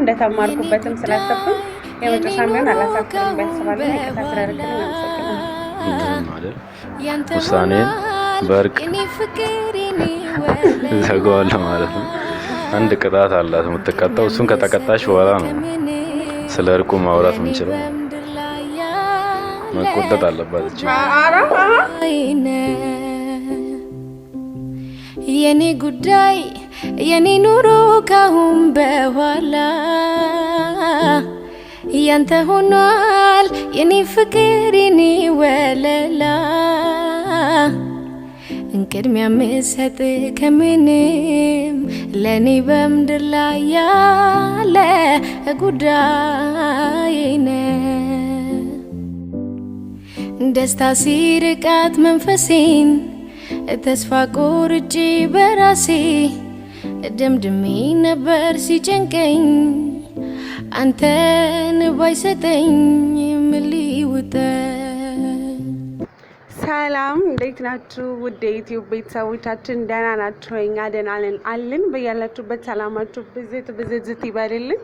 እንደተማርኩበትም ስላሰብኩኝ የመጨረሻ ሚሆን አላሳፍርም። ቤተሰባለ ከተፍረርክን አመሰግናል። በእርቅ ዘጋዋለሁ ማለት ነው። አንድ ቅጣት አላት የምትቀጣው። እሱን ከተቀጣሽ በኋላ ነው ስለ እርቁ ማውራት የምንችለው። መቆጠጥ አለባት የኔ ጉዳይ የኔ ኑሮ ካሁን በኋላ እያንተ ሆኗል የኔ ፍቅር የኔ ወለላ እንቅድሚያ ምሰጥ ከምንም ለእኔ በምድር ላይ ያለ ጉዳይ ነ ደስታ ሲርቃት መንፈሴን ተስፋ ቆርጬ በራሴ ደምድሜ ነበር ሲጨንቀኝ አንተን ባይሰጠኝ ምልውጠ ሰላም እንዴት ናችሁ? ውድ የዩትዩብ ቤተሰቦቻችን ደህና ናችሁ? እኛ ደህና ነን አልን። በያላችሁበት ሰላማችሁ ብዝት ብዝዝት ይበልልን።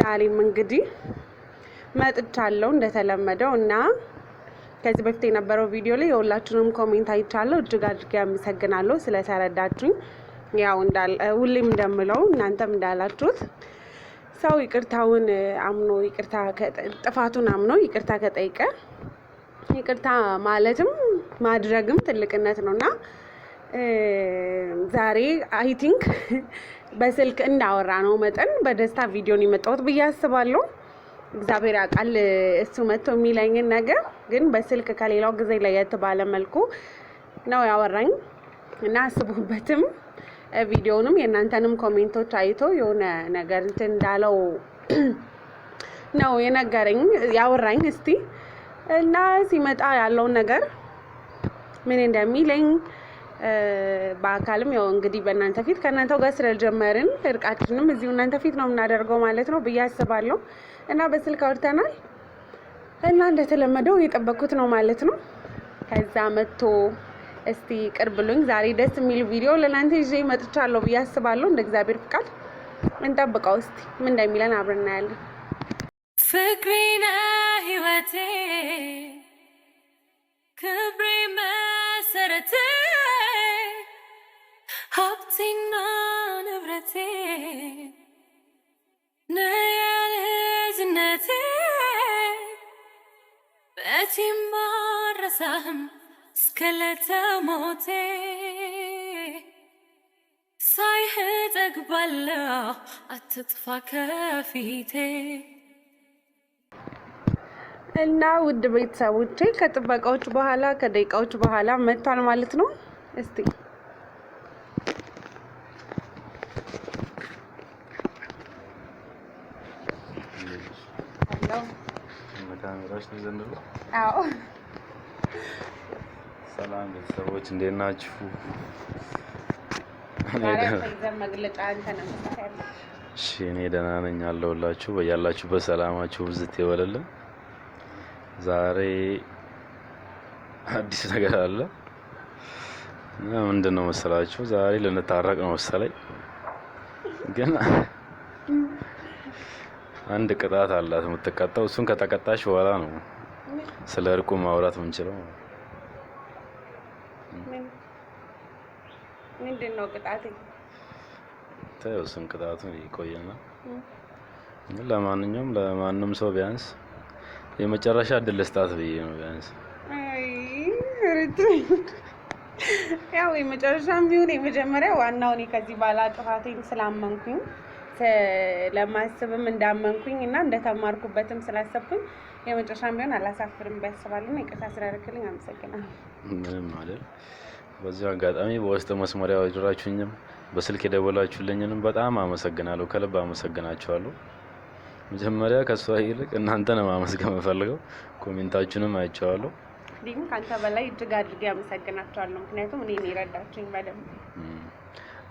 ዛሬም እንግዲህ መጥቻለሁ እንደተለመደው እና ከዚህ በፊት የነበረው ቪዲዮ ላይ የሁላችሁንም ኮሜንት አይቻለሁ። እጅግ አድርጌ አመሰግናለሁ ስለተረዳችሁኝ። ያው ሁሌም እንደምለው እናንተም እንዳላችሁት ሰው ይቅርታውን አምኖ ይቅርታ ጥፋቱን አምኖ ይቅርታ ከጠይቀ ይቅርታ ማለትም ማድረግም ትልቅነት ነው እና ዛሬ አይ ቲንክ በስልክ እንዳወራ ነው መጠን በደስታ ቪዲዮን የመጣሁት ብዬ አስባለሁ። እግዚአብሔር ያውቃል እሱ መጥቶ የሚለኝን ነገር ግን በስልክ ከሌላው ጊዜ ለየት ባለ መልኩ ነው ያወራኝ እና አስቡበትም። ቪዲዮንም የእናንተንም ኮሜንቶች አይቶ የሆነ ነገር እንትን እንዳለው ነው የነገረኝ ያወራኝ። እስቲ እና ሲመጣ ያለውን ነገር ምን እንደሚለኝ በአካልም ያው እንግዲህ በእናንተ ፊት ከእናንተው ጋር ስለጀመርን እርቃችንም እዚሁ እናንተ ፊት ነው የምናደርገው ማለት ነው ብዬ አስባለሁ። እና በስልክ አውርተናል እና እንደተለመደው የጠበኩት ነው ማለት ነው ከዛ መጥቶ እስቲ ቅርብሉኝ። ዛሬ ደስ የሚል ቪዲዮ ለእናንተ ይዤ መጥቻለሁ ብዬ አስባለሁ። እንደ እግዚአብሔር ፍቃድ እንጠብቀው እስቲ ምን እንደሚለን አብረን እናያለን። ፍቅሬ ህይወቴ ክብሬ መሰረቴ ሀብቴና ንብረቴ ነያልዝነቴ ልጅነቴ እስከለተሞቴ ሳይህ ጠግባለሁ አትጥፋ ከፊቴ። እና ውድ ቤተሰቦቼ ከጥበቃዎች በኋላ ከደቂቃዎች በኋላ መጥቷል ማለት ነው። እስቲ አዎ ሰላም ቤተሰቦች እንዴት ናችሁ? እኔ ደህና ነኝ አለሁላችሁ። በያላችሁ በሰላማችሁ ብዝት ይበልልን። ዛሬ አዲስ ነገር አለ እና ምንድን ነው መሰላችሁ ዛሬ ልንታረቅ ነው መሰለኝ። ግን አንድ ቅጣት አላት የምትቀጣው። እሱን ከተቀጣሽ በኋላ ነው ስለ እርቁ ማውራት የምንችለው። ምንድን ነው ቅጣት? ተይው እሱን ቅጣቱን ይቆይና፣ ለማንኛውም ለማንም ሰው ቢያንስ የመጨረሻ እድል ስጣት ብዬ ነው። ቢያንስ ያው የመጨረሻ ቢሆን የመጀመሪያ ዋናው እኔ ከዚህ ባላ ጥፋቴን ስላመንኩኝ ለማስብም እንዳመንኩኝ እና እንደተማርኩበትም ስላሰብኩኝ የመጨረሻ ቢሆን አላሳፍርም ቢያስባልና ይቅርታ ስላደረክልኝ አመሰግናለሁ። ምንም አይደል። በዚሁ አጋጣሚ በውስጥ መስመሪያ ወደራችሁኝም በስልክ የደወላችሁልኝንም በጣም አመሰግናለሁ። ከልብ አመሰግናችኋለሁ። መጀመሪያ ከእሷ ይልቅ እናንተን ማመስገን የምፈልገው ኮሜንታችሁንም አይቼዋለሁ። እንዲሁም ከአንተ በላይ እጅግ አድርጌ አመሰግናችኋለሁ። ምክንያቱም እኔ የረዳችሁኝ በደንብ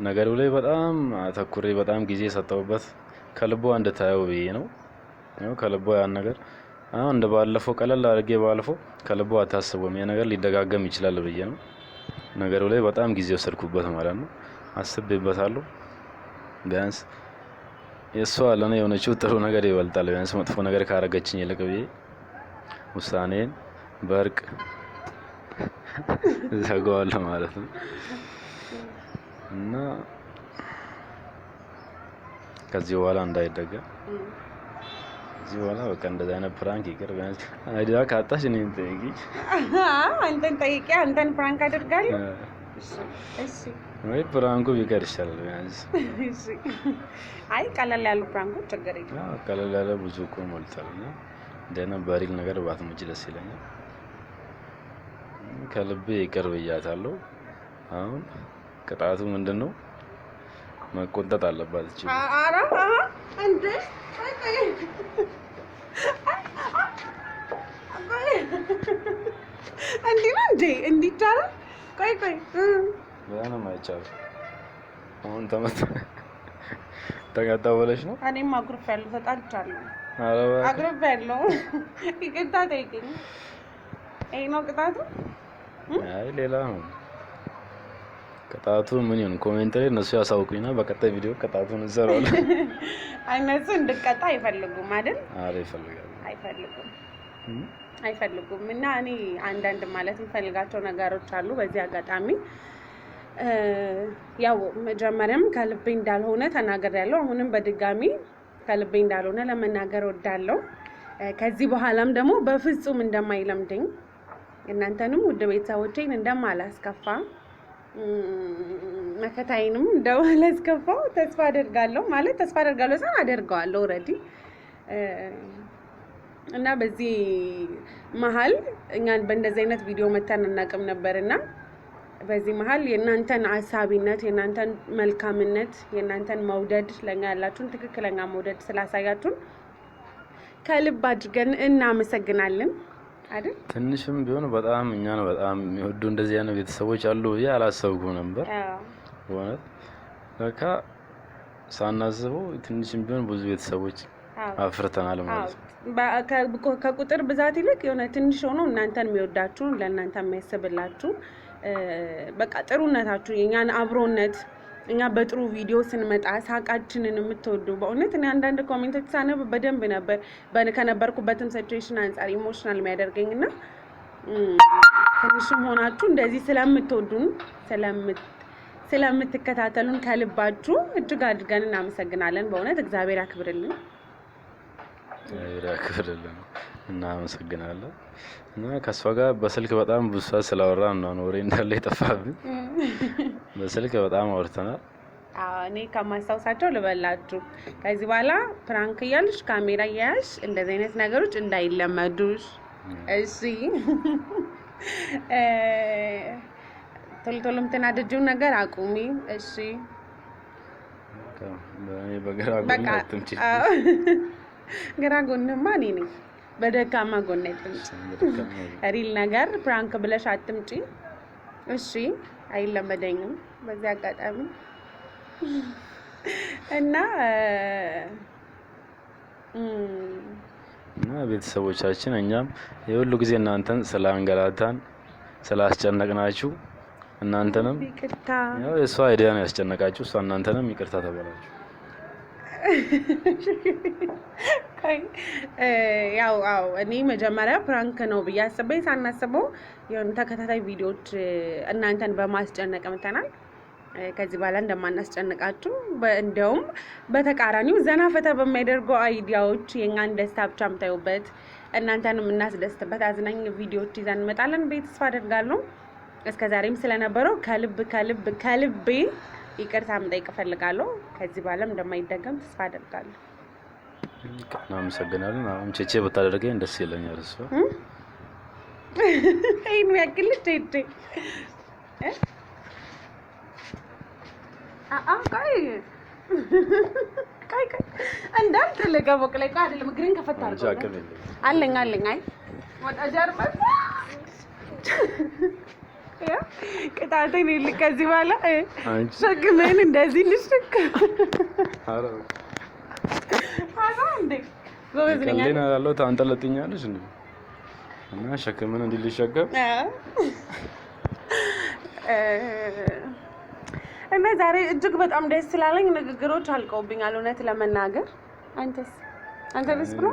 ነገሩ ላይ በጣም አተኩሬ በጣም ጊዜ የሰጠሁበት ከልቦ እንድታየው ብዬ ነው ከልቦ ያን ነገር አሁን እንደ ባለፈው ቀለል አድርጌ ባለፈው ከልቦ አታስቦም ያ ነገር ሊደጋገም ይችላል ብዬ ነው ነገሩ ላይ በጣም ጊዜ ወሰድኩበት ማለት ነው። አስቤበታለሁ። ቢያንስ የእሷ ለእኔ የሆነችው ጥሩ ነገር ይበልጣል ቢያንስ መጥፎ ነገር ካረገችኝ ይልቅ ብዬ ውሳኔን በእርቅ ዘጋዋለሁ ማለት ነው እና ከዚህ በኋላ እንዳይደገም እዚህ በኋላ በቃ እንደዚህ አይነት ፕራንክ ይቅር። ቢያንስ አይዲያ ካጣሽ እኔን ጠይቂ፣ አንተን ጠይቂ፣ አንተን ፕራንክ አድርጋል። ወይ ፕራንኩ ቢቀር ይሻላል ቢያንስ። አይ ቀለል ያሉ ፕራንኩ ችግር የለም። ቀለል ያለ ብዙ እኮ ሞልቷል። እና እንደና በሪል ነገር ባትሞጪ ደስ ይለኛል። ከልቤ ይቅር ብያታለሁ። አሁን ቅጣቱ ምንድን ነው? መቆንጠጥ አለባት እቺ እንዲህ ነው እንዴ? እንዲህ ይቻላል? ቆይ ቆይ ምንም አይቻልም። አሁን ተመታ ተቀጣ ብለሽ ነው? እኔም አጉርፌያለሁ፣ ተጣልቻለሁ፣ አጉርፌያለሁ። ይቅርታ ጠይቅኝ። ይሄ ነው ቅጣቱ? አይ ሌላ ነው ቅጣቱ ምን ይሁን ኮሜንት ላይ እነሱ ያሳውቁኝና በቀጣይ ቪዲዮ ቅጣቱን እንሰራዋለን። እነሱ እንድቀጣ አይፈልጉም አይደል? ኧረ ይፈልጋሉ። አይፈልጉም አይፈልጉም። እና እኔ አንዳንድ ማለት የምፈልጋቸው ነገሮች አሉ። በዚህ አጋጣሚ ያው መጀመሪያም ከልቤ እንዳልሆነ ተናግሬያለሁ። አሁንም በድጋሚ ከልቤ እንዳልሆነ ለመናገር ወዳለሁ። ከዚህ በኋላም ደግሞ በፍጹም እንደማይለምድኝ እናንተንም ውድ ቤተሰቦቼን እንደማላስከፋ መከታይንም እንደው አስገባው። ተስፋ አደርጋለሁ ማለት ተስፋ አደርጋለሁ ሳይሆን አደርገዋለሁ ኦልሬዲ እና በዚህ መሀል እኛ በእንደዚህ አይነት ቪዲዮ መተን እናቅም ነበር እና በዚህ መሀል የእናንተን አሳቢነት፣ የእናንተን መልካምነት፣ የእናንተን መውደድ ለእኛ ያላችሁን ትክክለኛ መውደድ ስላሳያችሁን ከልብ አድርገን እናመሰግናለን። አይደል? ትንሽም ቢሆን በጣም እኛን በጣም የሚወዱ እንደዚህ አይነት ቤተሰቦች አሉ ብዬ አላሰብኩም ነበር። በእውነት ለካ ሳናስበው ትንሽም ቢሆን ብዙ ቤተሰቦች አፍርተናል ማለት ነው። ከቁጥር ብዛት ይልቅ የሆነ ትንሽ ሆኖ እናንተን የሚወዳችሁ ለእናንተ የሚያስብላችሁ በቃ ጥሩነታችሁ የእኛን አብሮነት እኛ በጥሩ ቪዲዮ ስንመጣ ሳቃችንን የምትወዱ በእውነት እኔ አንዳንድ ኮሜንቶች ሳነብ በደንብ ነበር ከነበርኩበትም ሲትዌሽን አንጻር ኢሞሽናል የሚያደርገኝ እና ትንሽም ሆናችሁ እንደዚህ ስለምትወዱን ስለምትከታተሉን ከልባችሁ እጅግ አድርገን እናመሰግናለን። በእውነት እግዚአብሔር ያክብርልን ያክብርልን። እናመሰግናለን። እና ከእሷ ጋር በስልክ በጣም ብዙ ሰዓት ስላወራ ነው ወሬ እንዳለ የጠፋብን። በስልክ በጣም አውርተናል። እኔ ከማስታውሳቸው ልበላችሁ። ከዚህ በኋላ ፕራንክ እያልሽ ካሜራ እያያሽ እንደዚህ አይነት ነገሮች እንዳይለመዱሽ እሺ። ቶሎ ቶሎ የምትናደጂውን ነገር አቁሚ እሺ። ግራ ጎንማ እኔ ነኝ። በደካማ ጎን አይጥምጭ። ሪል ነገር ፕራንክ ብለሽ አትምጪ እሺ። አይለመደኝም በዚህ አጋጣሚ እና እና ቤተሰቦቻችን እኛም የሁሉ ጊዜ እናንተን ስላንገላታን ስላስጨነቅናችሁ እናንተንም ያው የእሷ አይዲያ ነው ያስጨነቃችሁ፣ እሷ እናንተንም ይቅርታ ተበላችሁ። ያው አዎ እኔ መጀመሪያ ፕራንክ ነው ብዬ አስበኝ ሳናስበው የሆኑ ተከታታይ ቪዲዮዎች እናንተን በማስጨነቅ ምተናል። ከዚህ በኋላ እንደማናስጨንቃችሁ እንዲያውም በተቃራኒው ዘና ፈታ በሚያደርጉ አይዲያዎች የእኛን ደስታ ብቻ ምታዩበት እናንተን የምናስደስትበት አዝናኝ ቪዲዮዎች ይዘን እንመጣለን ብዬ ተስፋ አደርጋለሁ። እስከዛሬም ስለነበረው ከልብ ከልብ ከልቤ ይቅርታ መጠየቅ እፈልጋለሁ። ከዚህ በኋላም እንደማይደገም ተስፋ አደርጋለሁ። እናመሰግናለን። አሁን ቼቼ ብታደርገኝ ደስ ይለኛል። እሱ ይህን ያክል ቼቼ ቆይ እንዳልተለጋ ቦቅ ላይ አይደለም፣ አለኝ አለኝ አይ ወጣ ጀርባ ቅጣትን ከዚህ በኋላ እንደዚህ አላለው ታንጠለጥኛለች እ እና ሸክምን እንዲህ ልሸከም እና ዛሬ እጅግ በጣም ደስ ስላለኝ ንግግሮች አልቀውብኛል። እውነት ለመናገር አንተስ አንተ ደስ ብሎ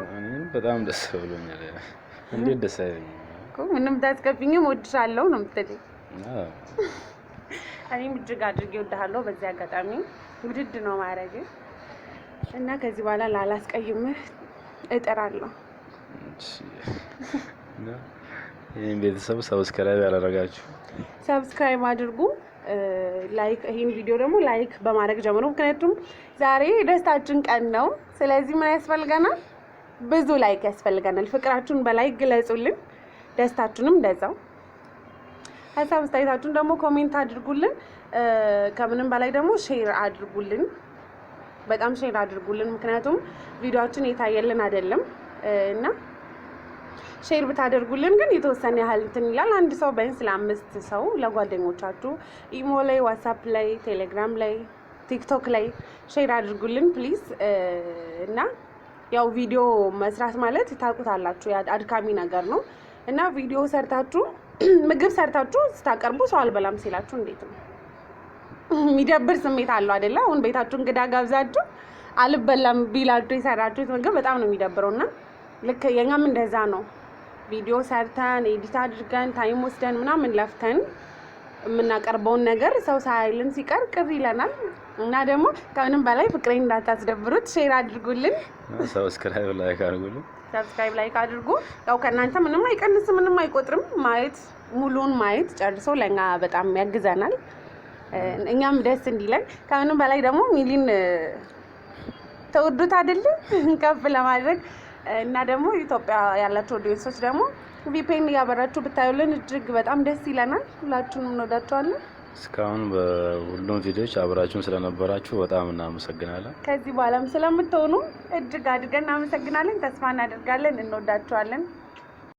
በጣም ደስ ብሎኛል። እንዴት ደስ አይለኝ? ምንም ወድሻለሁ ነው የምትለኝ እኔም እጅግ አድርጌ እወድሃለሁ። በዚህ አጋጣሚ ውድድ ነው ማድረግ እና ከዚህ በኋላ ላላስቀይምህ እጥራለሁ። ይህን ቤተሰብ ሰብስክራይብ ያላረጋችሁ ሰብስክራይብ አድርጉ። ላይክ ይህን ቪዲዮ ደግሞ ላይክ በማድረግ ጀምሮ፣ ምክንያቱም ዛሬ ደስታችን ቀን ነው። ስለዚህ ምን ያስፈልገናል? ብዙ ላይክ ያስፈልገናል። ፍቅራችሁን በላይክ ግለጹልን፣ ደስታችሁንም እንደዛው ሀሳብ አስተያየታችሁን ደግሞ ኮሜንት አድርጉልን። ከምንም በላይ ደግሞ ሼር አድርጉልን፣ በጣም ሼር አድርጉልን። ምክንያቱም ቪዲዮችን የታየልን አይደለም እና ሼር ብታደርጉልን ግን የተወሰነ ያህል እንትን ይላል። አንድ ሰው ቢያንስ ለአምስት ሰው ለጓደኞቻችሁ ኢሞ ላይ፣ ዋትሳፕ ላይ፣ ቴሌግራም ላይ፣ ቲክቶክ ላይ ሼር አድርጉልን ፕሊዝ። እና ያው ቪዲዮ መስራት ማለት ታውቁታላችሁ አድካሚ ነገር ነው እና ቪዲዮ ሰርታችሁ ምግብ ሰርታችሁ ስታቀርቡ ሰው አልበላም ሲላችሁ እንዴት ነው? የሚደብር ስሜት አለው አይደለ? አሁን ቤታችሁ እንግዳ ጋብዛችሁ አልበላም ቢላችሁ የሰራችሁት ምግብ በጣም ነው የሚደብረው። እና ልክ የኛም እንደዛ ነው። ቪዲዮ ሰርተን ኤዲት አድርገን ታይም ወስደን ምናምን ለፍተን የምናቀርበውን ነገር ሰው ሳይልን ሲቀር ቅር ይለናል። እና ደግሞ ከምንም በላይ ፍቅሬን እንዳታስደብሩት ሼር አድርጉልን፣ ሰብስክራይብ ላይክ አድርጉልን። ሰብስክራይብ፣ ላይክ አድርጉ። ያው ከእናንተ ምንም አይቀንስ ምንም አይቆጥርም። ማየት ሙሉን ማየት ጨርሶ ለእኛ በጣም ያግዘናል፣ እኛም ደስ እንዲለን። ከምንም በላይ ደግሞ ሚሊን ተወዱት አይደለም ከፍ ለማድረግ እና ደግሞ ኢትዮጵያ ያላችሁ ኦዲየንሶች ደግሞ ቪፔን እያበራችሁ ብታዩልን እጅግ በጣም ደስ ይለናል። ሁላችሁንም እንወዳችኋለን። እስካሁን በሁሉም ቪዲዮች አብራችሁን ስለነበራችሁ በጣም እናመሰግናለን። ከዚህ በኋላም ስለምትሆኑ እጅግ አድርገን እናመሰግናለን። ተስፋ እናደርጋለን። እንወዳችኋለን።